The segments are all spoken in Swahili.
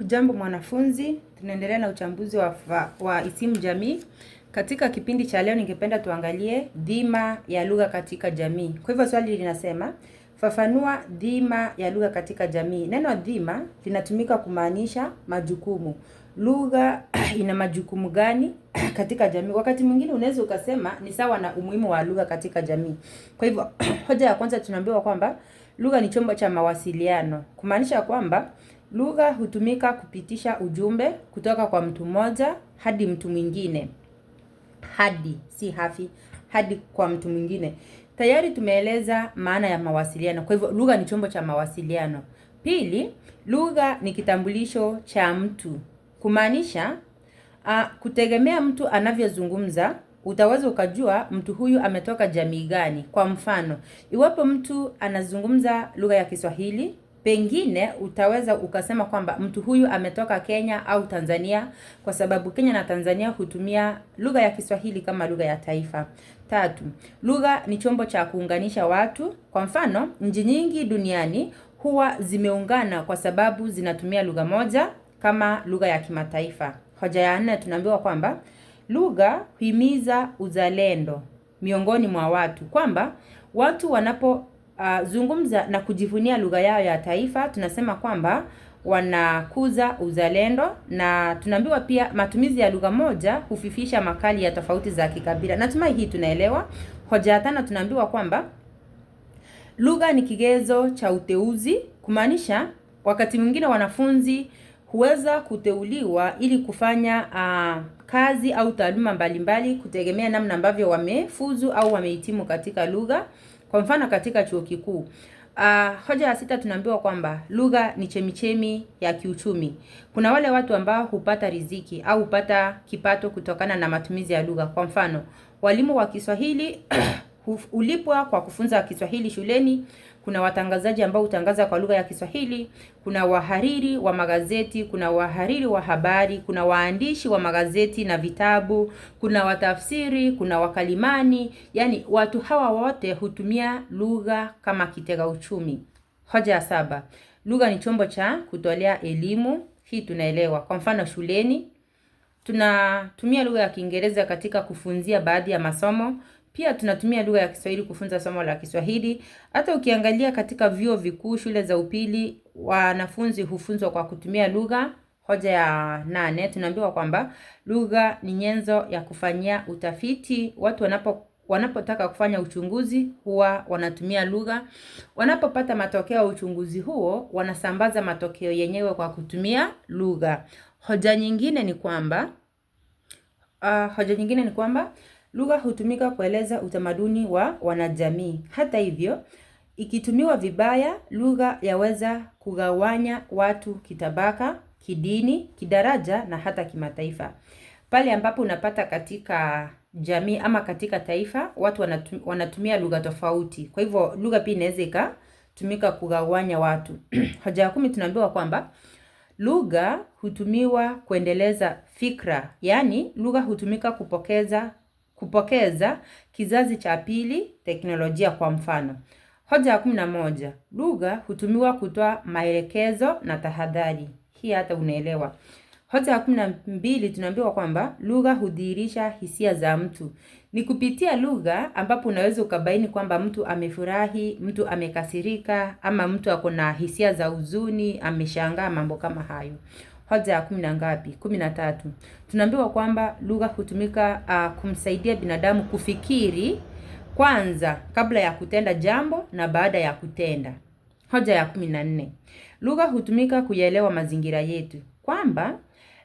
Hujambo mwanafunzi, tunaendelea na uchambuzi wa, wa isimu jamii. Katika kipindi cha leo, ningependa tuangalie dhima ya lugha katika jamii. Kwa hivyo swali linasema fafanua dhima ya lugha katika jamii. Neno dhima linatumika kumaanisha majukumu. Lugha ina majukumu gani katika jamii? Wakati mwingine unaweza ukasema ni sawa na umuhimu wa lugha katika jamii. Kwa hivyo hoja ya kwanza tunaambiwa kwamba lugha ni chombo cha mawasiliano, kumaanisha kwamba Lugha hutumika kupitisha ujumbe kutoka kwa mtu mmoja hadi mtu mwingine, hadi si hafi, hadi kwa mtu mwingine. Tayari tumeeleza maana ya mawasiliano, kwa hivyo lugha ni chombo cha mawasiliano. Pili, lugha ni kitambulisho cha mtu, kumaanisha a, kutegemea mtu anavyozungumza utaweza ukajua mtu huyu ametoka jamii gani. Kwa mfano, iwapo mtu anazungumza lugha ya Kiswahili Pengine utaweza ukasema kwamba mtu huyu ametoka Kenya au Tanzania kwa sababu Kenya na Tanzania hutumia lugha ya Kiswahili kama lugha ya taifa. Tatu, lugha ni chombo cha kuunganisha watu. Kwa mfano, nchi nyingi duniani huwa zimeungana kwa sababu zinatumia lugha moja kama lugha ya kimataifa. Hoja ya nne tunaambiwa kwamba lugha huhimiza uzalendo miongoni mwa watu, kwamba watu wanapo uh, zungumza na kujivunia lugha yao ya taifa. Tunasema kwamba wanakuza uzalendo, na tunaambiwa pia matumizi ya lugha moja hufifisha makali ya tofauti za kikabila. Natumai hii tunaelewa. Hoja ya tano tunaambiwa kwamba lugha ni kigezo cha uteuzi, kumaanisha wakati mwingine wanafunzi huweza kuteuliwa ili kufanya uh, kazi au taaluma mbalimbali kutegemea namna ambavyo wamefuzu au wamehitimu katika lugha. Kwa mfano katika chuo kikuu Uh, hoja ya sita tunaambiwa kwamba lugha ni chemichemi ya kiuchumi. Kuna wale watu ambao hupata riziki au hupata kipato kutokana na matumizi ya lugha. Kwa mfano, walimu wa Kiswahili hulipwa kwa kufunza Kiswahili shuleni. Kuna watangazaji ambao hutangaza kwa lugha ya Kiswahili, kuna wahariri wa magazeti, kuna wahariri wa habari, kuna waandishi wa magazeti na vitabu, kuna watafsiri, kuna wakalimani. Yaani watu hawa wote hutumia lugha kama kitega uchumi. Hoja ya saba, lugha ni chombo cha kutolea elimu. Hii tunaelewa. Kwa mfano shuleni tunatumia lugha ya Kiingereza katika kufunzia baadhi ya masomo. Pia tunatumia lugha ya Kiswahili kufunza somo la Kiswahili. Hata ukiangalia katika vyuo vikuu, shule za upili, wanafunzi hufunzwa kwa kutumia lugha. Hoja ya nane, tunaambiwa kwamba lugha ni nyenzo ya kufanyia utafiti. Watu wanapo wanapotaka kufanya uchunguzi huwa wanatumia lugha. Wanapopata matokeo ya uchunguzi huo, wanasambaza matokeo yenyewe kwa kutumia lugha. Hoja nyingine ni kwamba uh, hoja nyingine ni kwamba Lugha hutumika kueleza utamaduni wa wanajamii. Hata hivyo, ikitumiwa vibaya, lugha yaweza kugawanya watu kitabaka, kidini, kidaraja na hata kimataifa. Pale ambapo unapata katika jamii ama katika taifa watu wanatumia lugha tofauti. Kwa hivyo lugha pia inaweza ikatumika kugawanya watu. Hoja ya kumi tunaambiwa kwamba lugha hutumiwa kuendeleza fikra, yaani lugha hutumika kupokeza kupokeza kizazi cha pili teknolojia kwa mfano. Hoja ya kumi na moja, lugha hutumiwa kutoa maelekezo na tahadhari. Hii hata unaelewa. Hoja ya kumi na mbili tunaambiwa kwamba lugha hudhihirisha hisia za mtu. Ni kupitia lugha ambapo unaweza ukabaini kwamba mtu amefurahi, mtu amekasirika, ama mtu ako na hisia za huzuni, ameshangaa, mambo kama hayo hoja ya kumi na ngapi? Kumi na tatu. Tunaambiwa kwamba lugha hutumika uh, kumsaidia binadamu kufikiri kwanza kabla ya kutenda jambo na baada ya kutenda. Hoja ya kumi na nne. Lugha hutumika kuyaelewa mazingira yetu, kwamba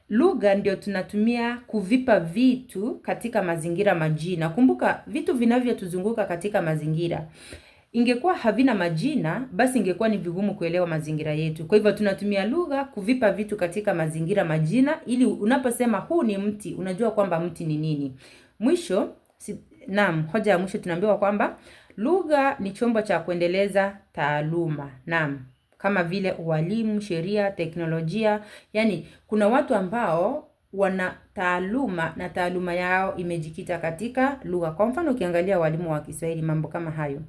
lugha ndio tunatumia kuvipa vitu katika mazingira majina. Kumbuka vitu vinavyotuzunguka katika mazingira ingekuwa havina majina, basi ingekuwa ni vigumu kuelewa mazingira yetu. Kwa hivyo tunatumia lugha kuvipa vitu katika mazingira majina, ili unaposema huu ni mti, unajua kwamba mti ni nini. Mwisho si, naam, hoja ya mwisho tunaambiwa kwamba lugha ni chombo cha kuendeleza taaluma. Naam, kama vile ualimu, sheria, teknolojia. Yani kuna watu ambao wana taaluma na taaluma yao imejikita katika lugha. Kwa mfano ukiangalia walimu wa Kiswahili, mambo kama hayo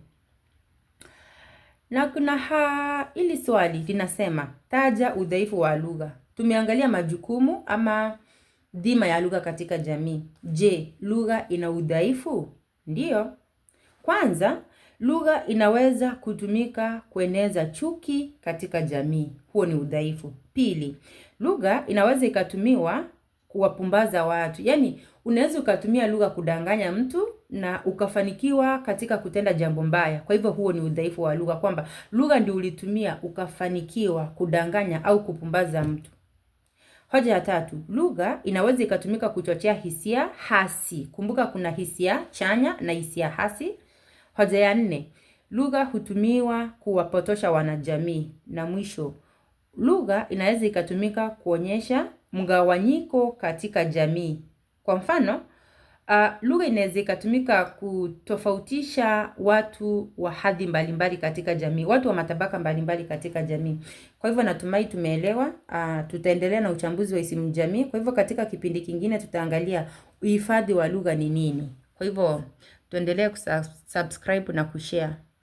na kuna ha ili swali linasema taja udhaifu wa lugha. Tumeangalia majukumu ama dhima ya lugha katika jamii. Je, lugha ina udhaifu? Ndiyo. Kwanza, lugha inaweza kutumika kueneza chuki katika jamii. Huo ni udhaifu. Pili, lugha inaweza ikatumiwa kuwapumbaza watu, yaani Unaweza ukatumia lugha kudanganya mtu na ukafanikiwa katika kutenda jambo mbaya. Kwa hivyo huo ni udhaifu wa lugha, kwamba lugha ndio ulitumia ukafanikiwa kudanganya au kupumbaza mtu. Hoja ya tatu, lugha inaweza ikatumika kuchochea hisia hasi. Kumbuka kuna hisia chanya na hisia hasi. Hoja ya nne, lugha hutumiwa kuwapotosha wanajamii. Na mwisho, lugha inaweza ikatumika kuonyesha mgawanyiko katika jamii. Kwa mfano, uh, lugha inaweza ikatumika kutofautisha watu wa hadhi mbalimbali katika jamii, watu wa matabaka mbalimbali katika jamii. Kwa hivyo natumai tumeelewa. Uh, tutaendelea na uchambuzi wa isimu jamii. Kwa hivyo katika kipindi kingine tutaangalia uhifadhi wa lugha ni nini. Kwa hivyo tuendelee kusubscribe na kushare.